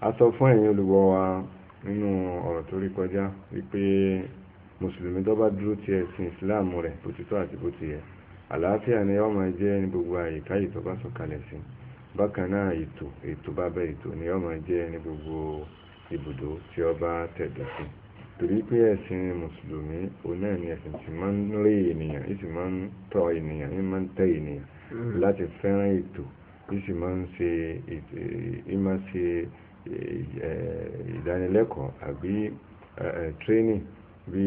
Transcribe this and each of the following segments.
a sọ fún ẹ̀yin olùgbọ́ wa nínú ọ̀rọ̀ tó rí kọjá wípé mùsùlùmí tó bá dúró ti ẹ̀sìn ìsìláàmù rẹ̀ bó ti tọ́ àti bó ti yẹ àlàáfíà ni yọ́ máa jẹ́ ní gbogbo àyíká yìí tó bá sọ̀kalẹ̀ sí bákan náà ètò ètò bá bẹ ètò ni yọ́ máa jẹ́ ní gbogbo ibùdó tí ó bá tẹ̀dọ̀ sí torí pé ẹ̀sìn mùsùlùmí òun ni ẹ̀sìn tí máa ń rí ènìyàn ìsì máa ń tọ́ ènìyàn ìsì máa ń tẹ́ ènìyàn mm. láti fẹ́ràn ètò ìsì máa ń ṣe ìdánilẹ́kọ̀ọ́ àbí training bí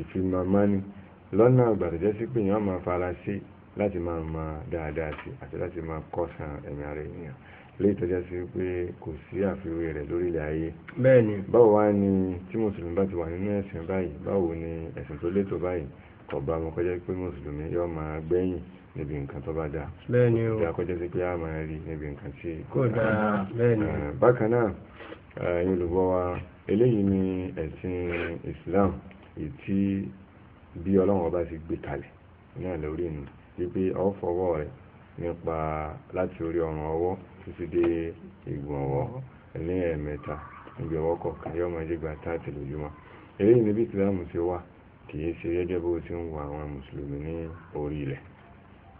ìfimamani lọ́nà àgbàdàjẹ́ sí pé èèyàn máa fara sí láti máa ma dáadáa sí àti láti máa kọ́sàn ẹ̀mí ara ènìyàn lè tọ́já sí pé kò sí àfiwé rẹ̀ lórílẹ̀ ayé bẹ́ẹ̀ni báwo wá ni tí mùsùlùmí bá ti wà nínú ẹ̀sìn báyìí báwo ni ẹ̀sìn tó létò báyìí kò bá pé mùsùlùmí yóò máa gbẹ̀yìn níbi nǹkan tó bá dá ìdákọjọ sí pé a máa rí níbi nǹkan tí kò dá bákan náà ẹ̀yin olùgbọ́ wa eléyìí ni ẹ̀sìn Islam ìtí bí Ọlọ́run ọba ti gbé kalẹ̀ náà lórí ni wípé ọ fọwọ́ rẹ̀ nípa láti orí ọrùn ọwọ́ títí dé ìgbọ̀n ọwọ́ ní ẹ̀ẹ̀mẹ́ta níbi ọwọ́ kọ̀ọ̀kan yóò máa jẹ́ gba táàtì lójúmọ́ eléyìí níbi Islam ti wà kì í ṣe gẹ́gẹ́ bó ti ń wọ àwọn mùsùlùmí ní orí ilẹ̀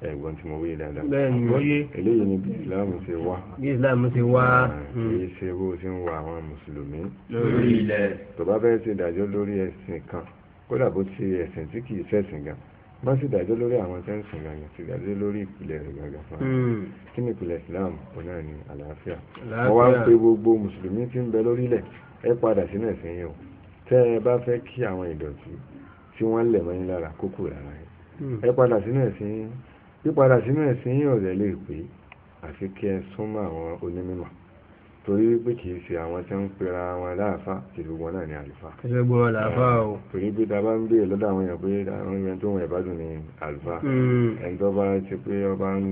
ẹ̀gbọ́n tí mo wí dáadáa àgbọ́yé eléyìí ni Islamu islam ṣe wá bí islam ṣe wá èyí ah, hmm. ṣe bó ṣe ń wá àwọn mùsùlùmí lórí ilẹ̀ tó bá fẹ́ ṣe ìdájọ́ lórí ẹ̀sìn kan kódà bó ṣe ẹ̀sìn tí kìí ṣẹ̀sìn gan má ṣe ìdájọ́ lórí àwọn tẹ́ ń sìn gangan ṣe ìdájọ́ lórí ìpìlẹ̀ rẹ̀ gangan fún un hmm. kí ni ìpìlẹ̀ islam kò náà ní àlàáfíà wọ́n wá ń pe gbogbo mùsùlùmí tí ń bẹ lórílẹ̀ ẹ padà sínú ẹ̀sìn yìí o tẹ́ ẹ bá fẹ́ kí àwọn ìdọ̀tí tí wọ́n lẹ̀ mọ́ yín lára kókò lára hmm. ẹ padà sínú ẹ̀sìn yìí pípadà sínú ẹ̀sìn yìí ọ̀rẹ́ lè pé àfi kí ẹ súnmọ́ àwọn onímọ̀ torí pé kì í ṣe àwọn tí ń pera wọn láàfá tí gbogbo náà ní àlùfáà. ṣe gbogbo làáfáà o. Eh, torí pé ta bá ń béèrè lọ́dọ̀ àwọn èèyàn pé àwọn èèyàn tó wọn ìbádùn ní àlùfáà. Hmm. ẹni tó bá ti pé ọba ń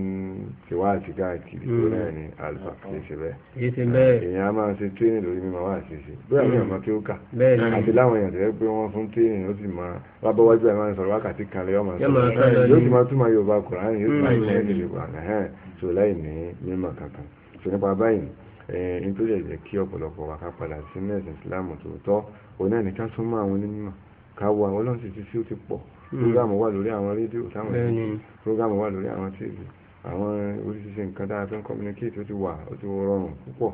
ṣe wá àti káàkiri tó náà ní àlùfáà kì í ṣe bẹ́ẹ̀. kì í ṣe bẹ́ẹ̀. Eh, èèyàn á máa ṣe tírénì lórí mímọ wá àti ṣe bí àwọn èèyàn máa kí ó kà. àti láwọn èèyàn tẹ́lẹ̀ pé wọ́n fún tírénì ó sì máa ẹ̀ẹ́n tó lè jẹ́ kí ọ̀pọ̀lọpọ̀ wa ká padà sí mẹ́sìn Islam tòótọ́ òun náà ní ká tún mọ́ àwọn onímọ̀ ká wo àwọn ọlọ́sìn tí tí ó ti pọ̀ hmm. prógámù wà lórí àwọn rédíò táwọn ẹ̀sìn prógámù wà lórí àwọn tv àwọn oríṣiríṣi nǹkan dára tó ń communicate ó ti wà ó ti rọrùn púpọ̀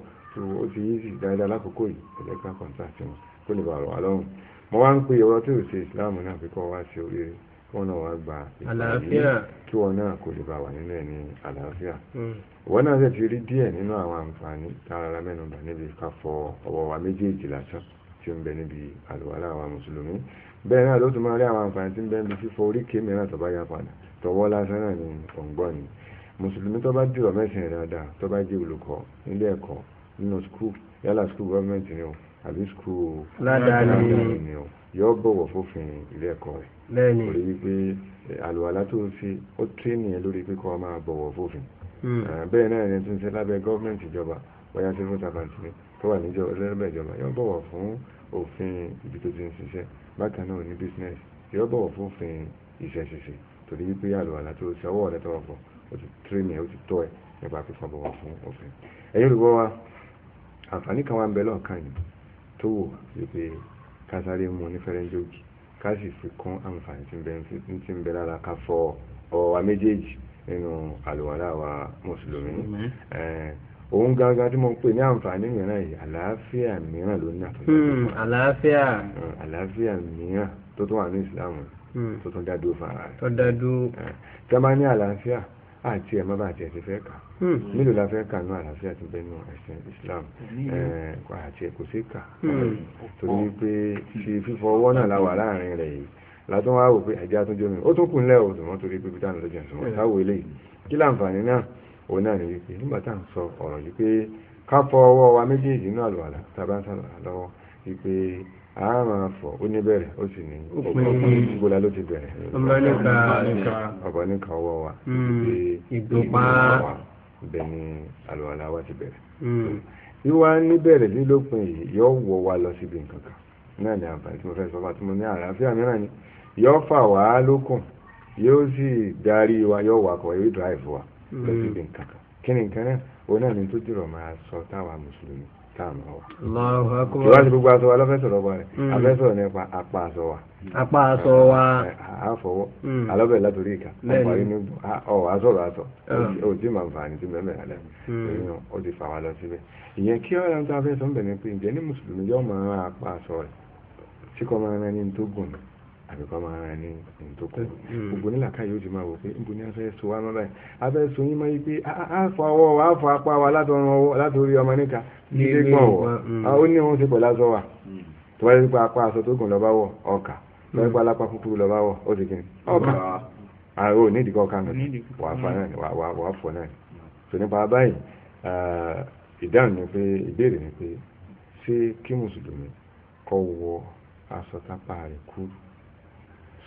ó ti easy dáadáa lákòókò yìí ẹ̀jẹ̀ ká contact wọn kó lè bàrọ̀ wá lọ́rùn mo wá ń pe ọ̀rọ̀ tí ò ṣe Islam náà fi kọ́ wá sí oríire wọn náà wá gba àlàáfíà kí wọn náà kò lè bá wà nínú ẹ̀ ní àlàáfíà hmm. wọn náà sì ti rí díẹ̀ nínú àwọn àǹfààní tààrà mẹ́nubà níbi ká fọ ọwọ́ wa méjèèjì lásán tí ó ń bẹ níbi àlùwàlá àwọn mùsùlùmí bẹ́ẹ̀ náà ló tún máa rí àwọn àǹfààní tí ń bẹ níbi fífọ oríkèé mìíràn tó bá yá padà tọwọ́ lásán náà ni òǹgbọ́n ni mùsùlùmí tó bá dìrọ̀ mẹ́sìn dáadáa tó bá jẹ́ olùkọ́ nílé ẹ̀kọ́ nínú skul yálà skul gọ́ọ̀mẹ́ntì ni o àbí skul ládàáni yóò bọ̀wọ̀ fófin ilé ẹ̀kọ́ rẹ̀ lórí wípé eh, àlùwàlá tó ń ṣe ó tírénì ẹ lórí pé kọ́ ọ máa bọ̀wọ̀ fófin hmm. eh, bẹ́ẹ̀ náà ẹni tó ń ṣe lábẹ́ gọ́ọ̀mẹ̀ntì ìjọba bóyá civil servant ni tó wà níjọ lẹ́lẹ́bẹ̀ ìjọba yóò bọ̀wọ̀ fún òfin ibi tó ti ń ṣiṣẹ́ bákan náà ní business yóò bọ̀wọ̀ fún òfin iṣẹ́ ṣiṣẹ́ torí wípé àlùwàlá tó ṣe ọwọ́ rẹ̀ tọwọ́ fọ ó ti tírénì ẹ ó ti tọ́ ẹ nípa fífọ́ bọ̀wọ̀ fún òfin ẹ̀yin olùgbọ́ wa àǹfààní kan wà ń bẹ lọ́ọ̀kan tó wò wípé ká sáré mu ní fẹ́rẹ́ńdógì ká sì fi kún àǹfààní tí ń bẹ lára ká fọ ọwọ́ wa méjèèjì nínú àlùwàlá wa mùsùlùmí òun gangan tí mo ń pè ní àǹfààní mìíràn yìí àlàáfíà mìíràn ló ní àtúntò. Hmm, àlàáfíà. àlàáfíà mìíràn tó tún wà ní ìsìlámù hmm. tó tún dá dúró fún ara rẹ̀. tó dá dúró. tí a bá ní àlàáfíà àti ẹ̀mọ́ bá àti ẹ̀sìn fẹ́ kà mélòó hmm. la fẹ́ kà ní àlàáfíà ti bẹ́ẹ̀ nù ẹ̀sìn Islam àti ẹ̀kọ́ sí kà hmm. torí pé ti fífọ ọwọ́ náà la wà láàrin rẹ̀ yìí látún wá wò pé ẹ̀jẹ̀ àtúnjọ́ mi ó tún kù ńlẹ̀ òdùn mọ́ torí pé bíi táwọn lọ́jọ́ ìsúnmọ́ táwọn eléyìí kí láǹfààní náà òun náà ní wípé nígbà tá à ń sọ ọ̀rọ̀ yìí pé ká fọ ọwọ́ wa méjèèjì náà lọ́wọ́ a ma fọ̀ ó ní bẹ̀rẹ̀ ó sì ní ìbúra ló ti bẹ̀rẹ̀ ọ̀bọ̀ wa hmm, ìgbòpá bẹ̀ ni wa ti bẹ̀rẹ̀ hmm. wíwá lọ síbi nǹkan kan náà ni àǹfààní tí mo fẹ́ sọ fún àti ní àlàáfíà mìíràn ni yóò fà wá lókun yóò sì darí wa yóò yóò drive wa lọ hmm. síbi nǹkan kan kí ni nǹkan náà òun ni tó dìrọ̀ táàmù wa. ìwádìí gbogbo aṣọ wa lọ́fẹ́ sọ̀rọ̀ ọba rẹ̀ afẹ́ sọ̀rọ̀ nípa apá aṣọ wa. apá aṣọ wa. àfọwọ́ eh, hmm. alọ́bẹ̀ látòrí ìka ọ̀pọ̀ inú ọ̀ asọ̀rọ̀ aṣọ ò tí màá fà ní ti bẹ́ẹ̀ bẹ́ẹ̀ lẹ́nu hmm. torí náà ó ti fà wá lọ síbẹ̀. ìyẹn kí ọ̀rọ̀ ń ta afẹ́ sọ ní pé ǹjẹ́ ní mùsùlùmí yóò máa apá aṣọ rẹ̀ tí máa rán ní tó gùn náà. àbíkọ́ máa rẹ̀ ní ìdókòwò gbogbo hmm. nílàkà yóò wò pé ni a fẹ́ so wá mọ́ báyìí yín máa yí pé a fọ wa a apá wa látọrí ọmọ níka ilé gbọ̀n wọ̀ hmm. ó ní wọn ti pẹ̀lú aṣọ wa hmm. tó bá yẹ pé apá aṣọ tó gùn lọ́ba wọ̀ ọkà tó yẹ pé alápá kúkúrú lọ́ba wọ̀ ó ti kìnnì ọkà fọ náà fọ náà nípa báyìí ìdáhùn ni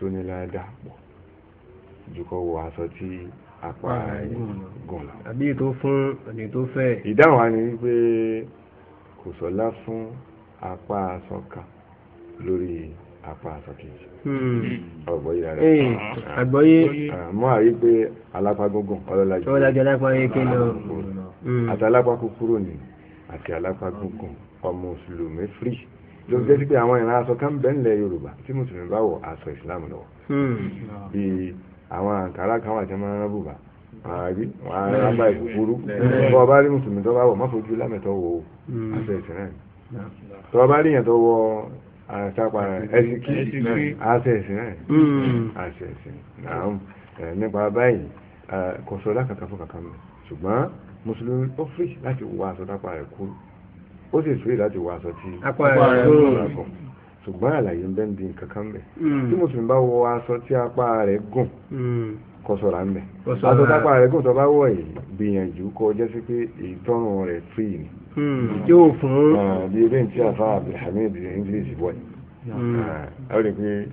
tó ní ládàá pọ̀ jùkọ́ wọ aṣọ tí apá ah, gùn lọ. àbí ètò fún ẹni tó fẹ́. ìdáhùn wa ni wípé kò sọlá fún apá aṣọ kan lórí apá aṣọ kejì. Hmm. ọgbọ́yé rárá. Eh, ah. àgbọ́yé. Ah, mọ́ àrí pé alápá gúngùn ọlọ́lá jù. ọlọ́lá jù alápá yẹn kí lọ. Hmm. àti alápá kúkúrò ni àti alápá gúngùn ọmọ mùsùlùmí free ló jẹ́ sí pé àwọn ìran aṣọ kan bẹ́ẹ̀ ńlẹ̀ yorùbá tí mùsùlùmí bá wọ aṣọ ìsìlámù lọ hmm. bíi àwọn àǹkárá kan wà tí wọ́n máa ń bùbá àárí wọn ará bá ìkúkúrú bọ́ ọba rí mùsùlùmí tó bá wọ̀ má fojú lámẹ̀tọ́ wo aṣọ ìsìn náà tó ọba rí yẹn tó wọ àṣàpà hmm. ẹsìkí aṣọ ìsìn náà aṣọ ìsìn hmm. náà nípa báyìí kò sọ lákàkà fún kàkà mi ṣùgbọ́n mùsùlùmí ó fì láti wọ aṣọ dápà ẹ̀kúrú ó sì fèrè láti wọ aṣọ tí akọ ṣùgbọ́n àlàyé ń bẹ́ ń bi nǹkan kan bẹ̀ hmm. tí mùsùlùmí bá wọ aṣọ tí apá rẹ̀ gùn hmm. kó ṣọ́ra ń bẹ̀ aṣọ tápá rẹ̀ gùn tó bá wọ̀ yìí gbìyànjú kó jẹ́ sí pé ìtọ́rùn rẹ̀ fírì ni. yóò hmm. fún. Ah, bí ebí ń tí àfa abdulhamid english boy ọ ah, rí pé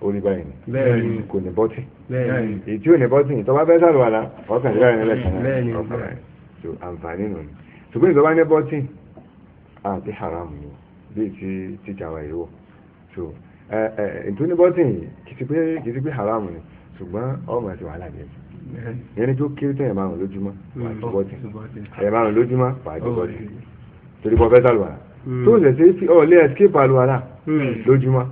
orí báyìí ni kò ní bọ́tì èyí tí ò ní bọ́tì tó bá fẹ́ sàlùwàlà ọkàn ìlànà ẹlẹ́sìn náà ọkàn rẹ̀ so àǹfààní nù ni ṣùgbọ́n ìjọba ní bọ́tì àti ah, haram ni bíi ti tíjà wa ìwọ so ìtúnibọ́tìn kìí ti pé haram ni ṣùgbọ́n ọmọ ti wàhálà ní ẹ̀ yẹn ni tó kéré tẹ̀yẹ̀ márùn lójúmọ́ wàá ti bọ́tìn ẹ̀yẹ̀ márùn lójúmọ́ wàá ti bọ́tìn torí bọ́ bẹ́tà lùwàlà tó ṣẹ̀ ṣe fi ọ lé escape àlùwàlà lójúmọ́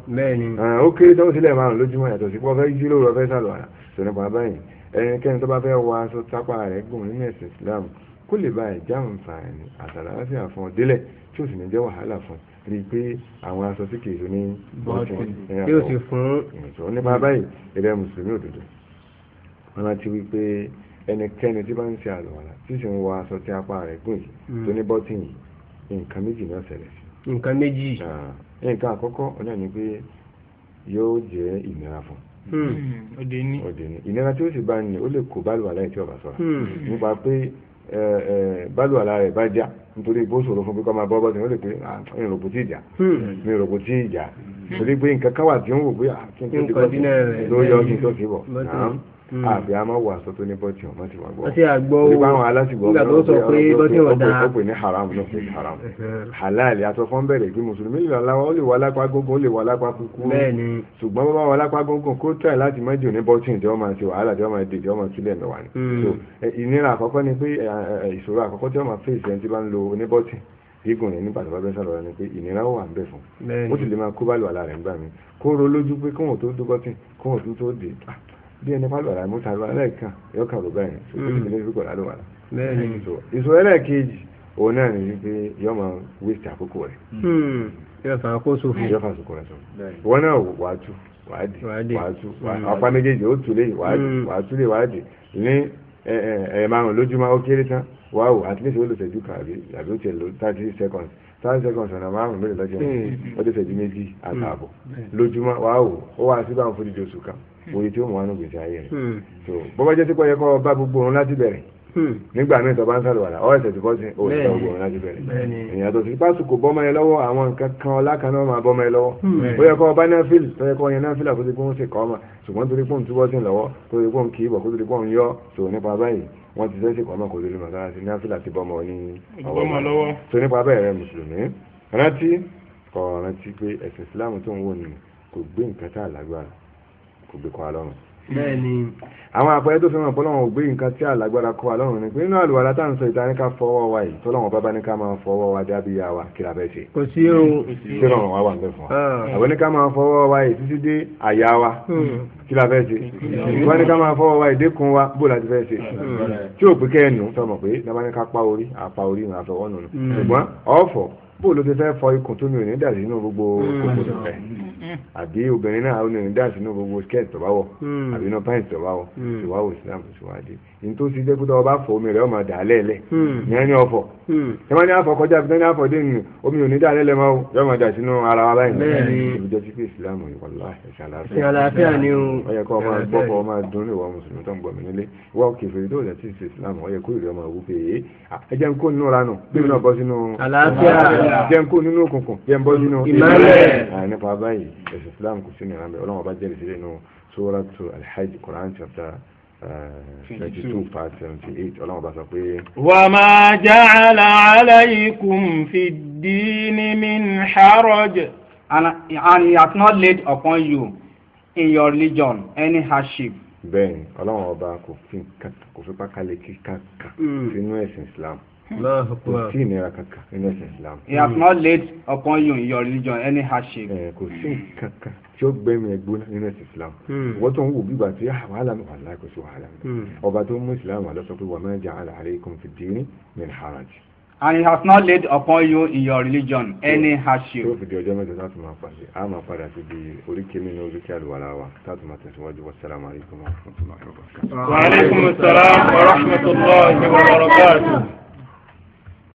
ah, ó kéré tán sílẹ̀ márùn lójúmọ́ yàtọ̀ sí pọ́ fẹ́ jí lóru ọ̀fẹ́ sàlùwàlà sọ̀rọ̀ ẹnikẹ́ni tó bá fẹ́ wọ aṣọ tápá rẹ̀ gùn nínú ẹ̀sìn Islam kó lè bá ẹ̀já àǹfààní àtàlàáfíà fún ọ délẹ̀ tí ò sì ní jẹ́ wàhálà fún rí i pé àwọn aṣọ tí kìí ní bọ́ọ̀tì yóò sì fún ìrìnsọ nípa báyìí ẹ̀rẹ́ mùsùlùmí òdodo wọn ti wí pé ẹnikẹ́ni tí bá ń ṣe àlùwàlà tí sì ń wọ aṣọ tí apá rẹ̀ gùn yìí hmm. tó ní bọ́ọ̀tì yìí nǹkan méjì náà ṣẹlẹ̀ sí. nǹkan méjì. Hmm. Hmm, ìnira tí ó sì bá ní o lè kó bálùwà láì tí ọba sọ́ra hmm. nípa pé bálùwà lára ẹ̀ bá já nítorí bó ṣòro fún pé máa bọ́ bọ́sẹ̀ ó lè pé tí ah, ìjà mi tí ìjà torí pé nǹkan káwà tí ó ń wò ah, Hmm. àbí a máa wọ aṣọ tó ní bọ́tì ọmọ tí wọ́n gbọ́. àti àgbọ̀ wo nípa nígbà tó sọ pé bọ́tì ọ̀dà ó pè ní haram náà pé haram halal aṣọ fún bẹ̀rẹ̀ bí mùsùlùmí lè láwọn ó lè wà lápá gógùn ó lè wà lápá kúkú. bẹ́ẹ̀ni ṣùgbọ́n bàbá wà lápá gógùn kó tẹ̀ láti mẹ́jọ ní bọ́tì tí wọ́n máa ṣe wàhálà tí wọ́n máa dè tí wọ́n máa kílẹ̀ mẹ́wàá ni. Hmm. so ìnira àkọ́kọ́ ni pé ìṣòro àkọ́kọ́ tí wọ́n máa fèsì ẹni tí bá ń lo oníbọ́tì gígùn rẹ̀ nígbà tó bá bẹ́ ni pé ìnira wà ń bẹ̀ fún ó sì lè máa kó bá lò àlà rẹ̀ ń gbà mí kó ro lójú pé kóhùn tó dúbọ́tì kóhùn tó tó dè ah, bí ẹni fálù àlà mú sàlù ẹlẹ́ẹ̀kan yóò kàrò bẹ́ẹ̀ ṣùgbọ́n mm. ìdílé ìlú kọ̀ọ̀lá ló wà lá. ìṣó ẹlẹ́ẹ̀kejì òun náà ní wípé yóò máa wíṣítì àkókò rẹ̀. Mm. yóò fà kó sófò. yóò fà sókò rẹ̀ sọ. wọn náà wà á tú wà á dì wà á tú apá mm. méjèèjì ó túlé wà á túlé wà á dì ní ẹ̀ẹ̀ lójúmọ́ ó kéré tán wà á wò àtúnṣe ó lò tẹ̀jú kan àbí ó ti lò thirty seconds ten seconds ọ̀nà márùn-ún lórí lọ́jọ́ yẹn ó dé ìṣẹ́jú méjì àtààbọ̀ hmm. Hmm. lójúmọ́ wàá wò ó wá sí báwọn fún dídí oṣù kan hmm. oye tí ó mọ̀ wánú gbèsè ayé rẹ̀ so bọ́bá jẹ́ sí pẹ́yẹ kọ́ bá gbogbo òun láti bẹ̀rẹ̀ nígbà míì tó bá ń sàlùwà là ọ̀rẹ́ tẹ̀sí bọ́sìn ó ti gbogbo òun láti bẹ̀rẹ̀ èèyàn tó ti pásùkò bọ́mọ ẹ lọ́wọ́ àwọn nǹkan kan ọlákan náà máa bọ́mọ ẹ lọ́wọ́ ó yẹ kọ́ bá náfìlì tó yẹ kọ́ yẹn náfìlì àkóso pé ó ń ṣe kọ́ ọmọ ṣùgbọ́n torí pé òun túbọ̀ sí lọ́wọ́ torí pé òun kì í bọ̀ kó torí pé òun yọ sòrò nípa báyìí wọ́n ti sẹ́sì kọ́ mọ́kò lórí màtá àti náfìlà ti bọ́mọ ní ọwọ́ tó nípa bẹ́ẹ̀rẹ̀ mùsùlùmí rántí kọ̀ rántí pé ẹ̀sìn ìsìláàmù tó ń wò ní kò gbé nǹkan tá àlágbára kò gbé kọ́ alọ́run àwọn àpẹẹrẹ tó fi hàn pọ́lọ́wọ́n ò gbé nǹkan tí àlágbára kọ́ wa lọ́rùn ni pé nínú àlùwàlá tá à ń sọ ìta ní ká fọwọ́ wa yìí tọ́lọ́wọ́n bá bá ní ká máa fọwọ́ wa dábí ya wa kí la bẹ́ẹ̀ ṣe. kò sí ohun tí rọrùn wa wà ń bẹ fún wa ah. àwọn ní ká máa fọwọ́ wa yìí títí dé àyà wa hmm. kí la bẹ́ẹ̀ ṣe wọ́n ní ká máa fọwọ́ wa yìí dékun wa bó la ti fẹ́ ṣe hmm. tí ò pé kẹ́ẹ̀nù sọmọ pé dábàá ní ká pa orí àpa bóòlù ti fẹ́ fọ ikùn tó ní òní dà sínú gbogbo hmm. kòkò tó fẹ́ hmm. àbí obìnrin náà ní òní dà sínú gbogbo skirt tó bá wọ̀ hmm. àbí inú pants tó bá wọ̀ ìwáwò islam ìṣèwádìí ní tó ti jẹ́ pé ọba fọ omi rẹ̀ ọmọ dà lẹ́lẹ̀ ní ẹni ọfọ̀ ẹ máa ní afọ kọjá àbí ní afọ dé nù omi òní dà lẹ́lẹ̀ máa yọ ọmọ dà sínú ara wa báyìí ìbùjọ sí pé islam ìwọlá ìṣàlàfíà ni ó yẹ kó ọmọ gbọ́kọ̀ ọmọ dún lè wọ mùsùlùmí tó ń gbọ́ mi nílé wọ́n kì í fi dóòlù àti ìsìn jẹun kó nínú òkùnkùn jẹun bọ́ ah, nípa báyìí ẹ̀sìn Islam kò sí nìyàrá bẹ́ẹ̀ ọba jẹ́rìí sílẹ̀ nù Suratu al Quran chapter eh, ọlọ́run bá sọ pé. wa ma ja'ala alaykum fi d-dini min haraj. and he has not laid upon you in your religion any hardship. bẹ́ẹ̀ni ọlọ́run ọba kò fi kàkà kò fi hmm. sínú ẹ̀sìn Islam. Mm kò ìnira kankan nínú ẹ̀sìn islam. he has not laid upon you in your religion any hardship. ẹ eh, kò sí kankan tí ó gbẹmí ẹ gbóná nínú ẹ̀sìn islam. Hmm. wọ́n tó ń wò bí bàtí ah, wàhálà mi wàhálà kò sí wàhálà mi. Hmm. ọba tó ń mú islam wà lọ́sọ̀ pé wa ma ja'ala alaykum fi dini min haraj. and he has not laid upon you in your religion any hardship. tó fi di ọjọ́ mẹ́ta tá a tún máa pàdé a máa padà sí di oríkèé mi ní oríkèé àlùwàlá wa tá a tún máa tẹ̀síwájú wassalamu alaykum wa rahmatullahi wa barakatuh. wa alaykum assalam